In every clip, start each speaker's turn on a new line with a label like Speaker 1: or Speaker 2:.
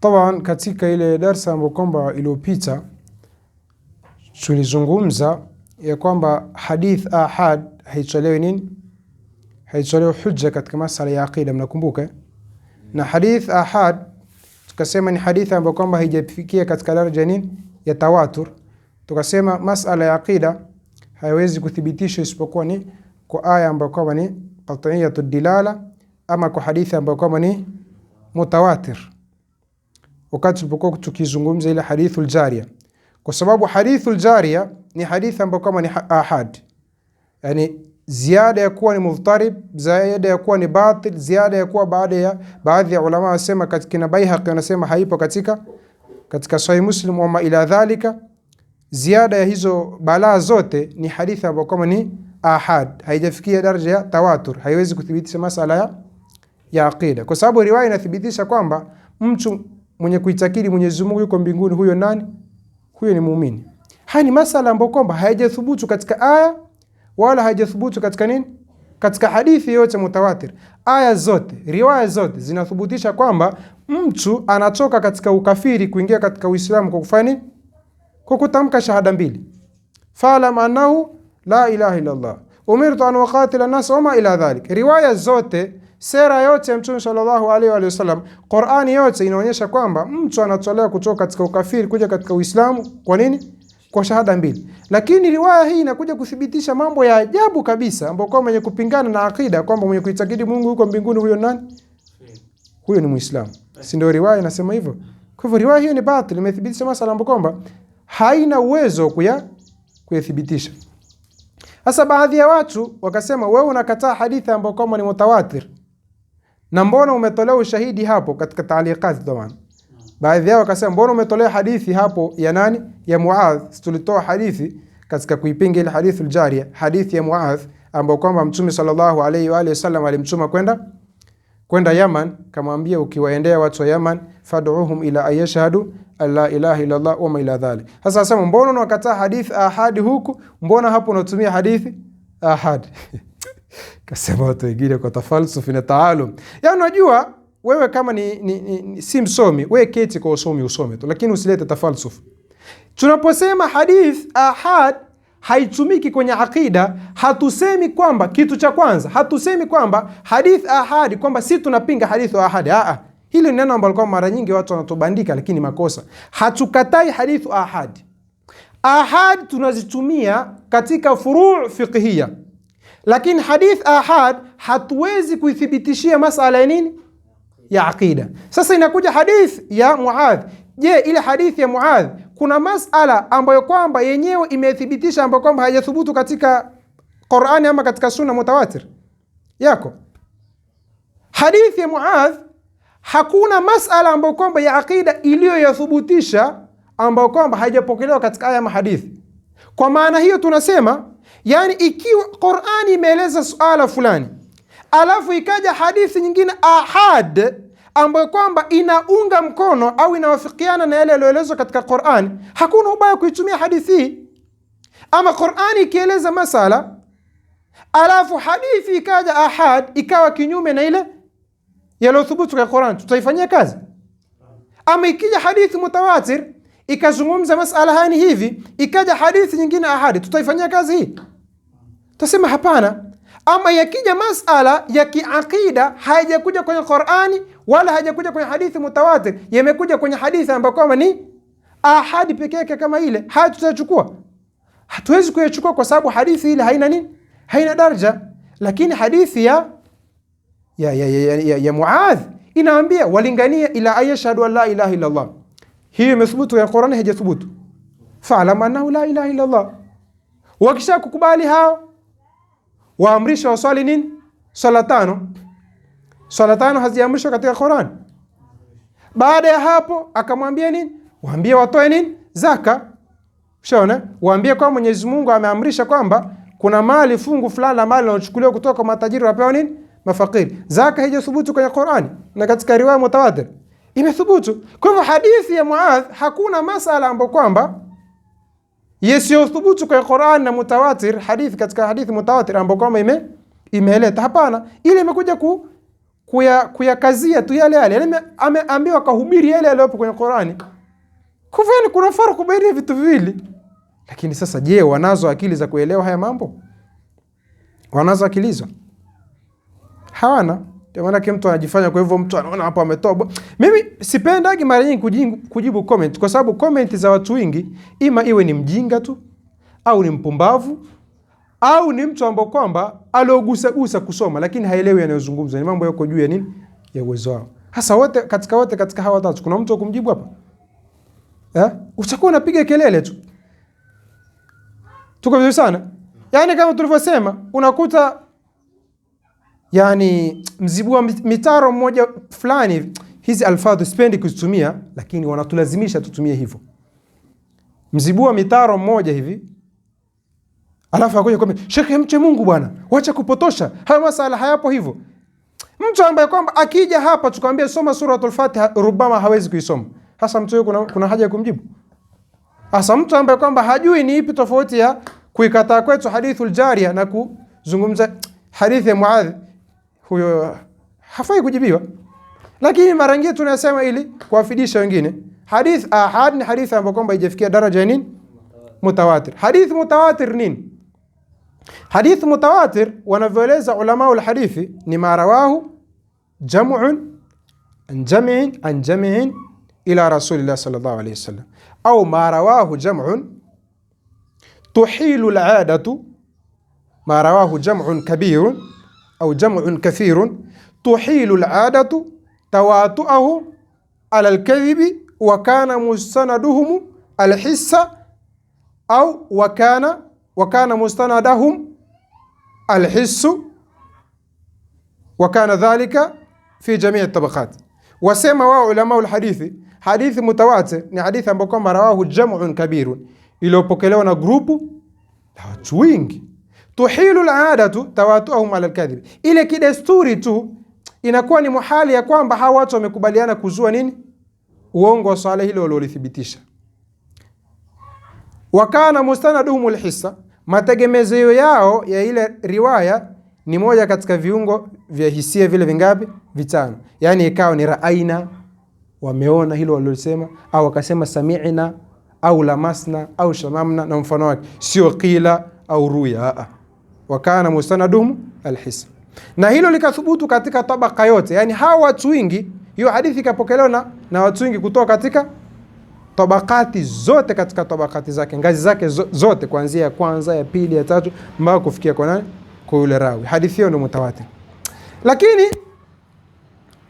Speaker 1: Tabaan, katika ile darsa ambayo kwamba iliyopita tulizungumza ya kwamba hadith ahad haitolewi nini, haitolewi hujja katika masala ya aqida, mnakumbuka. Na hadith ahad tukasema ni hadithi ambayo kwamba haijafikia katika daraja nini ya tawatur. Tukasema masala ya aqida haiwezi kuthibitishwa isipokuwa ni kwa aya ambayo kwamba ni qat'iyatu dilala ama kwa hadithi ambayo kwamba ni mutawatir wakati tulipokuwa tukizungumza ile hadithu ljaria, kwa sababu hadithu ljaria ni hadithi ambayo kama ni ahad, yani ziada ya kuwa ni mudhtarib, ziada ya kuwa ni batil, ziada ya kuwa baada ya baadhi ya ulama wasema kina Baihaqi wanasema haipo katika katika Sahih Muslim wama ila dhalika. Ziada ya hizo balaa zote ni hadithi ambayo kama ni ahad, haijafikia daraja ya tawatur, haiwezi kuthibitisha masala ya ya aqida, kwa sababu riwaya inathibitisha kwamba mtu mwenye kuitakidi Mwenyezi Mungu yuko mbinguni, huyo nani? Huyo ni muumini. Haya ni masala ambayo kwamba hayajathubutu katika aya wala hayajathubutu katika nini, katika hadithi yote mutawatir. Aya zote, riwaya zote zinathubutisha kwamba mtu anatoka katika ukafiri kuingia katika Uislamu kwa kufanya nini? kwa kutamka shahada mbili, falam annahu la ilaha illa Allah umirtu an uqatila nas wama ila dhalik. Riwaya zote Sera yote ya Mtume sallallahu alaihi wa sallam, Qur'ani yote inaonyesha kwamba mtu anatolewa kutoka katika ukafiri kuja katika Uislamu. Kwa nini? Kwa shahada mbili. Lakini riwaya hii inakuja kuthibitisha mambo ya ajabu kabisa, ambapo kwa mwenye kupingana na akida kwamba mwenye kuitakidi Mungu yuko mbinguni, huyo nani? Huyo ni Muislamu, si ndio? Riwaya inasema hivyo. Kwa hivyo riwaya hiyo ni batil, imethibitisha masala ambapo kwamba haina uwezo kuya kuyathibitisha. Sasa baadhi ya watu wakasema, wewe unakataa hadithi ambayo kwamba ni mutawatir na mbona umetolea ushahidi hapo katika taaliqati taban. Baadhi yao wakasema mbona umetolea hadithi hapo ya nani? Ya Muadh. Tulitoa hadithi katika kuipinga ile hadithi aljaria, hadithi ya Muadh ambayo kwamba Mtume sallallahu alayhi wa alihi wasallam alimtuma kwenda kwenda Yaman, kamwambia ukiwaendea watu wa Yaman fad'uhum ila ayashhadu alla ilaha illa Allah wa ma ila dhalik. Sasa asema mbona unakataa hadithi ahadi huku, mbona hapo unatumia hadithi ahadi Kasema watu wengine kwa tafalsufi na taalum, ya yaani unajua wewe kama ni, ni, ni, ni, si msomi we keti kwa usomi usome tu, lakini usilete tafalsufu. Tunaposema hadith ahad haitumiki kwenye aqida, hatusemi kwamba kitu cha kwanza, hatusemi kwamba hadith ahadi kwamba si tunapinga hadithu ahadi. Aa, hilo ni neno ambalo kwa mara nyingi watu wanatubandika, lakini makosa. Hatukatai hadithu ahadi. Ahadi tunazitumia katika furuu fiqhia lakini hadith ahad hatuwezi kuithibitishia masala ya nini, ya aqida. Sasa inakuja hadith ya Muadh. Je, ile hadith ya Muadh kuna masala ambayo kwamba yenyewe imethibitisha ambayo kwamba haijathubutu katika Qur'ani ama katika sunna mutawatir yako? Hadithi ya Muadh hakuna masala ambayo kwamba ya aqida iliyoyathubutisha ambayo kwamba haijapokelewa katika aya ama hadithi. Kwa maana hiyo tunasema Yani ikiwa Qur'ani imeeleza suala fulani alafu ikaja hadithi nyingine ahad ambayo kwamba inaunga mkono au inawafikiana na yale yaliyoelezwa katika Qur'ani, hakuna ubaya kuitumia hadithi hii. Ama Qur'ani ikieleza masala alafu hadithi ikaja ahad ikawa kinyume na ile yaliyothubutu kwa Qurani, tutaifanyia kazi? Ama ikija hadithi mutawatir ikazungumza masala hani hivi, ikaja hadithi nyingine ahadi, tutaifanyia kazi hii? Tasema hapana. Ama yakija masala ya kiaqida haijakuja kwenye Qur'ani wala haijakuja kwenye hadithi mutawatir, yamekuja kwenye hadithi ambayo kwamba ni ahadi pekee yake kama ile, haya tutachukua. Hatuwezi kuyachukua kwa sababu hadithi ile haina nini? Haina daraja. Lakini hadithi ya ya ya, ya, ya, ya ya Muadh inaambia walingania ila ayashhadu an la ilaha illa Allah. Hiyo imethubutu kwenye Qur'ani haijathubutu. Fa'lam annahu la ilaha illa Allah. Wakisha kukubali hao waamrishe waswali nini? Swala tano. Swala tano haziamrishwa katika Qur'an. Baada ya hapo akamwambia nini? Waambie watoe nini? Zaka. Ushaona? Waambie kwa Mwenyezi Mungu ameamrisha kwamba kuna mali fungu fulani la mali inachukuliwa kutoka kwa matajiri wapewa nini? Mafakiri. Zaka haijathubutu kwenye Qur'ani na katika riwaya mutawatir imethubutu. Kwa hivyo hadithi ya Muadh hakuna masala ambapo kwamba yasiyothubutu kwa Qur'an na mutawatir hadith, katika hadithi mutawatir ambayo kama ime imeleta hapana, ile imekuja ku kuyakazia tu yale yale, yaani ameambiwa kahubiri yale yaliyopo kwenye Qur'ani. Kufanya kuna farku baina vitu viwili, lakini sasa, je, wanazo akili za kuelewa haya mambo? Wanazo akili hizo? Hawana. Ndio maana mtu anajifanya kwa hivyo, mtu anaona hapo ametoba. Mimi sipendagi mara nyingi kujibu comment, kwa sababu comment za watu wengi ima iwe ni mjinga tu au ni mpumbavu au ni mtu ambao kwamba aliogusagusa kusoma lakini haelewi yanayozungumzwa, ni mambo yako juu ya nini ya uwezo wao. Hasa wote katika wote katika hawa watatu kuna mtu akumjibu hapa eh, utakuwa unapiga kelele tu. Tuko vizuri sana, yaani kama tulivyosema unakuta yani mzibua mitaro mmoja fulani. Hizi alfadhu sipendi kuzitumia, lakini wanatulazimisha tutumie hivyo. Mzibua mitaro mmoja hivi, alafu akuja kwambia shekhe, mche Mungu bwana, wacha kupotosha haya masala, hayapo hivyo. Mtu ambaye kwamba akija hapa tukamwambia soma suratul Fatiha, rubama hawezi kuisoma. Hasa mtu kuna, kuna haja ya kumjibu? Hasa mtu ambaye kwamba hajui ni ipi tofauti ya kuikataa kwetu hadithul jaria na kuzungumza hadithi ya Muadh huyo hafai kujibiwa. Lakini mara nyingi tunasema ili kuwafidisha wengine. Hadith ahad ah, ni hadithi ambayo kwamba haijafikia daraja ya nini? Mutawatir. Hadith mutawatir nini? Hadith mutawatir wanavyoeleza ulama ul hadithi ni marawahu jam'un an jam'in an jam'in ila rasulillah sallallahu alayhi wasallam, au marawahu jam'un tuhilu al marawahu jam'un kabirun أو جمع كثير تحيل العادة تواطؤه على الكذب وكان مستندهم الحس أو وكان وكان مستندهم الحس وكان ذلك في جميع الطبقات وسمى علماء الحديث حديث متواتر ني يعني حديث رواه جمع كبير إلى بوكيلونا جروب لا تشوينغ tuhilu aladatu tawatuahum ala lkadhibi, ile kidesturi tu inakuwa ni muhali ya kwamba hawa watu wamekubaliana kuzua nini, uongo wa swala hilo waliolithibitisha. Wakana mustanaduhum lhisa, mategemezeo yao ya ile riwaya ni moja katika viungo vya hisia vile vingapi? Vitano. Yani ikawa ni raaina, wameona hilo walilosema, au wakasema sami'na au lamasna au shamamna na mfano wake, sio qila au ruya wa kana mustanaduhum alhisn, na hilo likathubutu katika tabaka yote, yani hawa watu wingi. Hiyo hadithi ikapokelewa na, na watu wingi kutoka katika tabakati zote, katika tabakati zake, ngazi zake zote, kuanzia ya kwanza, ya pili, ya tatu mpaka kufikia kwa nani, kwa yule rawi. Hadithi hiyo ndio mutawatir, lakini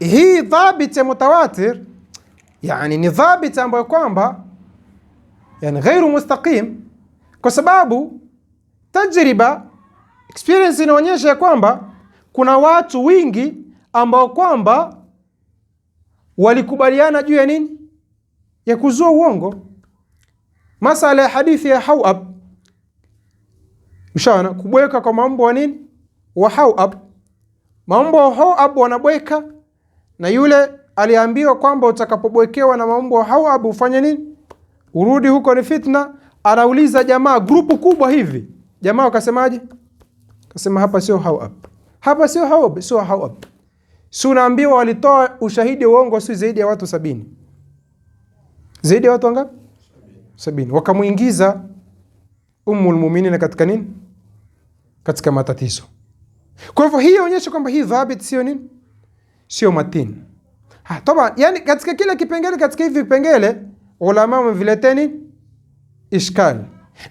Speaker 1: hii dhabit ya mutawatir yani ni dhabit ambayo kwamba yani ghairu mustaqim, kwa sababu tajriba Experience inaonyesha ya kwamba kuna watu wingi ambao kwamba walikubaliana juu ya nini? Ya kuzua uongo. Masala ya hadithi ya Hawab, mshaona kubweka kwa mambo wa nini wa Hawab, mambo wa Hawab wanabweka, na yule aliambiwa kwamba utakapobwekewa na mambo wa Hawab ufanye nini? Urudi huko, ni fitna. Anauliza jamaa, grupu kubwa hivi, jamaa wakasemaje? Kasema hapa sio how up. Hapa sio how up, sio how up. Si unaambiwa walitoa ushahidi uongo si zaidi ya watu sabini. Zaidi ya watu wangapi? Sabini. Wakamuingiza Ummul Muminina katika nini? Katika matatizo. Kwa hivyo hii inaonyesha kwamba hii dhabit sio nini? Sio matini. Ah, toba, yani katika kila kipengele katika hivi vipengele ulama wamevileteni ishkali.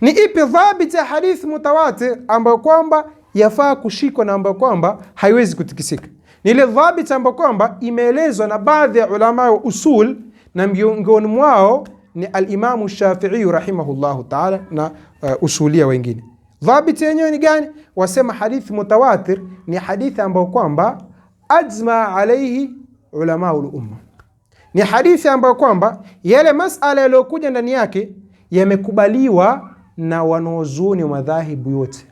Speaker 1: Ni ipi dhabit ya hadithi mutawatir ambayo kwamba yafaa kushikwa na ambayo kwamba haiwezi kutikisika, ni ile dhabit ambayo kwamba imeelezwa na baadhi ya ulama wa usul, na miongoni mwao ni alimamu Shafi'i rahimahullahu ta'ala na uh, usulia wengine. Dhabiti yenyewe ni gani? Wasema hadithi mutawatir ni hadithi ambayo kwamba ajma alaihi ulamau lumma ni hadithi ambayo kwamba yale masala yaliyokuja ndani yake yamekubaliwa na wanaozuoni madhahibu yote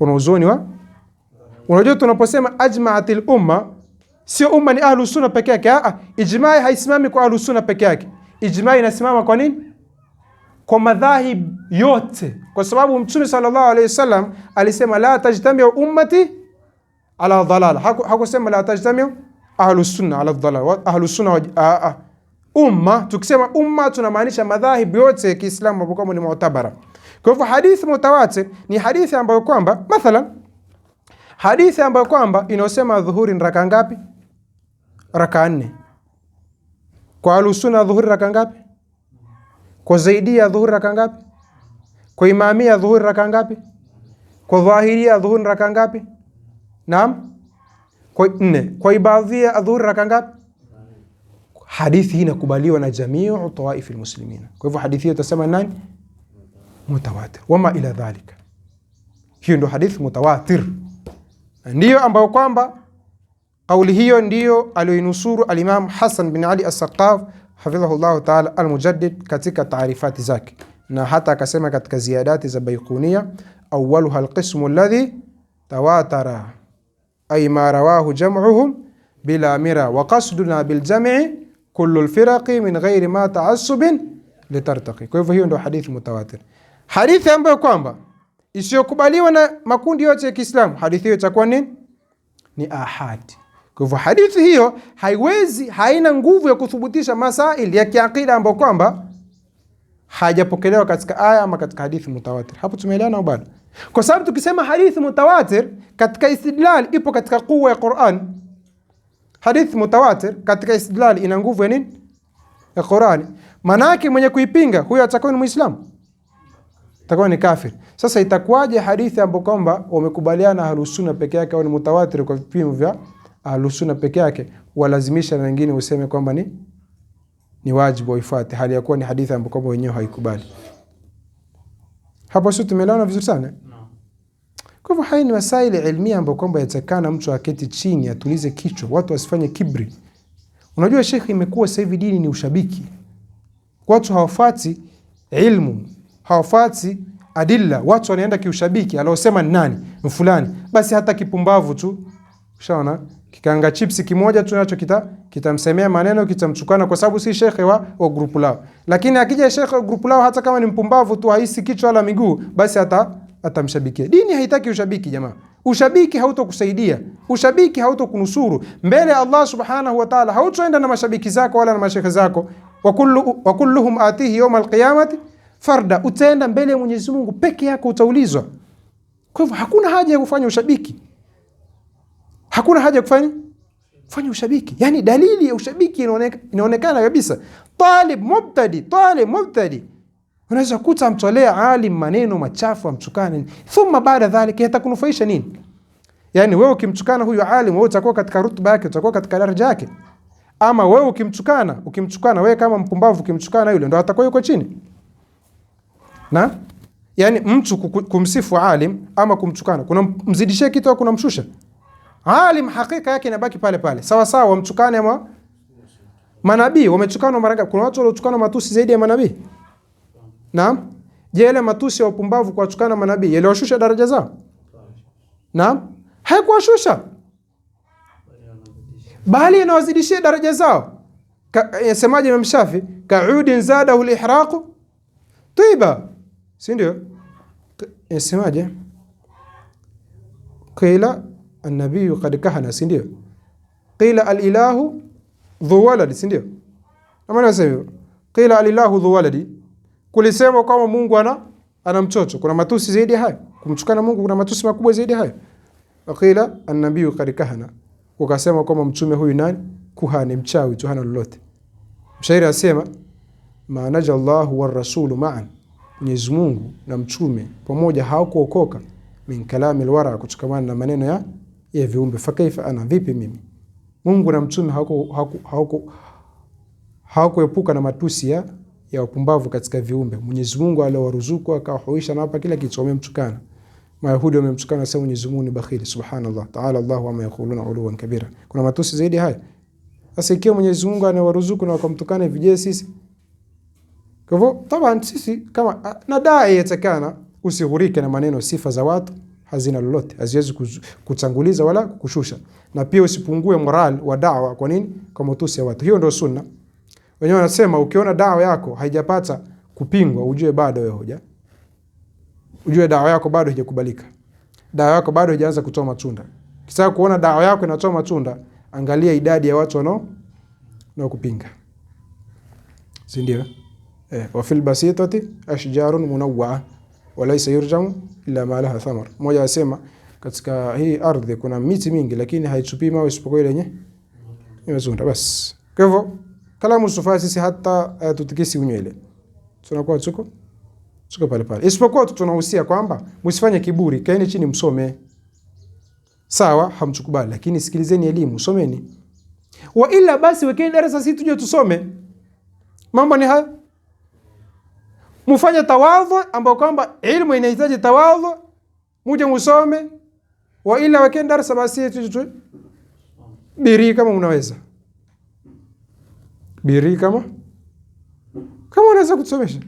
Speaker 1: una uzuni wa unajua, tunaposema ajmaatil umma, sio umma ni ahlu sunna peke yake. Ah, ijmaa haisimami kwa ahlu sunna peke yake. Ijmaa inasimama kwa nini? Kwa madhahib yote, kwa sababu Mtume sallallahu alayhi wasallam alisema la tajtamiu ummati ala dalal. Hakusema la tajtamiu ahlu sunna ala dalal, ahlu sunna umma. Tukisema umma tunamaanisha madhahib yote ya Kiislamu ambayo ni mu'tabara kwa hivyo hadithi mutawatir ni hadithi ambayo kwamba mathalan, hadithi ambayo kwamba inayosema dhuhuri ni raka ngapi? Raka nne. Kwa alusuna dhuhuri raka ngapi? Kwa zaidia dhuhuri raka ngapi? Kwa imamia dhuhuri raka ngapi? Kwa dhahiria dhuhuri raka ngapi? Naam, kwa nne. Kwa ibadhia dhuhuri raka ngapi? Hadithi hii inakubaliwa na jamiu tawaifi lmuslimin Kwa hivyo hadithi hii tasema nani? mutawatir wama ila dhalika. Hiyo ndio hadithi mutawatir, ndiyo ambayo kwamba kauli hiyo ndiyo aliyoinusuru alimamu Hasan bin Ali Assaqaf hafidhahullahu taala Almujaddid katika taarifati zake, na hata akasema katika ziyadati za Baikunia, awaluha alqismu alladhi tawatara ay ma rawahu jam'uhum bila mira wa qasduna biljam'i kullu alfiraqi min ghairi ma ta'assubin litartaqi. Kwa hivyo hiyo ndio hadithi mutawatir. hadithi ambayo kwamba isiyokubaliwa na makundi yote ya Kiislamu, hadithi hiyo itakuwa nini? Ni ahadi. Kwa hivyo hadithi hiyo haiwezi, haina nguvu ya kuthubutisha masaili ya kiakida ambayo kwamba hajapokelewa katika aya ama katika hadithi mutawatir. Hapo tumeelewana au bado? Kwa sababu tukisema hadithi mutawatir katika istidlal ipo katika kuwa ya Qur'an. Hadithi mutawatir katika istidlal ina nguvu ya nini? Ya Quran. Maana yake mwenye kuipinga huyo atakuwa ni Muislamu. Itakuwa ni kafiri. Sasa itakuwaje hadithi ambapo kwamba wamekubaliana ahlusunna peke yake au ni mutawatir kwa vipimo vya ahlusunna peke yake, walazimisha na wengine useme kwamba ni ni wajibu waifuate, hali ya kuwa ni hadithi ambapo kwamba wenyewe haikubali. Hapo sio tumeelewana vizuri sana? Kwa hivyo haya ni masaili ilmia ambayo kwamba yatakana mtu aketi chini atulize kichwa, watu wasifanye kibri. Unajua shekhi, imekuwa sasa hivi dini ni ushabiki, watu hawafuati ilmu hawafuati adilla, watu wanaenda kiushabiki, aliosema nani mfulani, basi hata kipumbavu tu ushaona kikaanga chipsi kimoja tu nacho kita kitamsemea maneno kitamtukana, kwa sababu si shekhe wa, wa grupu lao. Lakini akija shekhe wa grupu lao, hata kama ni mpumbavu tu, haisi kichwa wala miguu, basi hata atamshabikia. Dini haitaki ushabiki jamaa. Ushabiki hautokusaidia, ushabiki hautokunusuru mbele ya Allah subhanahu wa ta'ala. Hautoenda na mashabiki zako wala na mashekhe zako. Wa kulluhum atihi yawm alqiyamati farda, utaenda mbele ya Mwenyezi Mungu peke yako, utaulizwa. Kwa hivyo hakuna haja ya kufanya ushabiki, hakuna haja ya kufanya fanya ushabiki. Yani dalili ya ushabiki inaonekana, kabisa. Talib mubtadi, talib mubtadi, unaweza kuta mtolea alim maneno machafu, amtukane, thumma baada dhalika yatakunufaisha nini? Yani wewe ukimtukana huyu alim, wewe utakuwa katika rutba yake, utakuwa katika daraja yake. Ama wewe ukimtukana, ukimtukana wewe kama mpumbavu, ukimtukana yule ndo atakuwa yuko chini na yani mtu kumsifu alim ama kumtukana kunamzidishia kitu au kuna mshusha Alim hakika yake inabaki pale pale, sawa sawa. Wamtukane ama manabii wametukanwa mara ngapi? Kuna watu waliotukana matusi zaidi ya manabii. Naam. Je, yale matusi ya upumbavu kuwatukana manabii yaliwashusha daraja zao? Naam, haikuwashusha bali inawazidishia daraja zao. Yasemaje eh, Imam Shafi? Kaudin zadahu lihraqu tiba si ndio? Inasemaje? Eh, qila annabiyu qad kahana, si ndio? Qila alilahu dhu waladi, si ndio? nasema Hivyo qila alilahu dhu waladi, kulisema kwamba Mungu ana ana mtoto. Kuna matusi zaidi hayo? kumchukana Mungu kuna matusi makubwa zaidi hayo? Qila annabiyu qad kahana, ukasema kwamba mtume huyu nani? Kuhani mchawi tu, hana lolote. Mshairi asema ma naja Allahu warasulu ma'an Mwenyezi Mungu na mchume pamoja hawakuokoka min kalami alwara, kutokamana na maneno ya ya viumbe. Fakaifa ana, vipi mimi? Mungu na mtume hawakuepuka na matusi ya ya wapumbavu katika viumbe. Mwenyezi Mungu aliowaruzuku akawahuisha na hapa kila kitu, wamemtukana Mayahudi wamemtukana, sasa Mwenyezi Mungu ni bakhili. Subhanallah ta'ala Allahu wa yaquluna uluwan kabira. Kuna matusi zaidi haya? Sasa ikiwa Mwenyezi Mungu anawaruzuku na wakamtukana, vije sisi kwa hivyo taban, sisi kama ah, na dai yatakana, usighurike na maneno sifa za watu hazina lolote, haziwezi kutanguliza wala kukushusha, na pia usipungue moral wa dawa. Kwa nini? Kwa matusi ya watu. Hiyo ndio sunna. Wenyewe wanasema ukiona dawa yako haijapata kupingwa, ujue bado wewe hoja, ujue dawa yako bado haijakubalika, dawa yako bado haijaanza kutoa matunda. Kisha kuona dawa yako inatoa matunda, angalia idadi ya watu wanao na kupinga, si ndio? eh, wa fil basitati ashjarun munawwaa wa laysa yurjamu illa ma laha thamar. Moja asema katika hii ardhi kuna miti mingi, lakini haitupi mawe isipokuwa ile yenye imezunda bas. kwa hivyo kalamu sufaa sisi hata uh, tutikisi unywele tunakuwa tuko tuko pale pale, isipokuwa tunahusia kwamba msifanye kiburi, kaeni chini msome. Sawa, hamchukubali lakini sikilizeni elimu, someni. Wa ila basi wekeni darasa, sisi tuje tusome. Mambo ni haya mufanye tawadhu ambao kwamba ilmu inahitaji tawadhu, muje musome, wa ila wake darasa basi biri kama unaweza biri kama kama unaweza kutusomesha.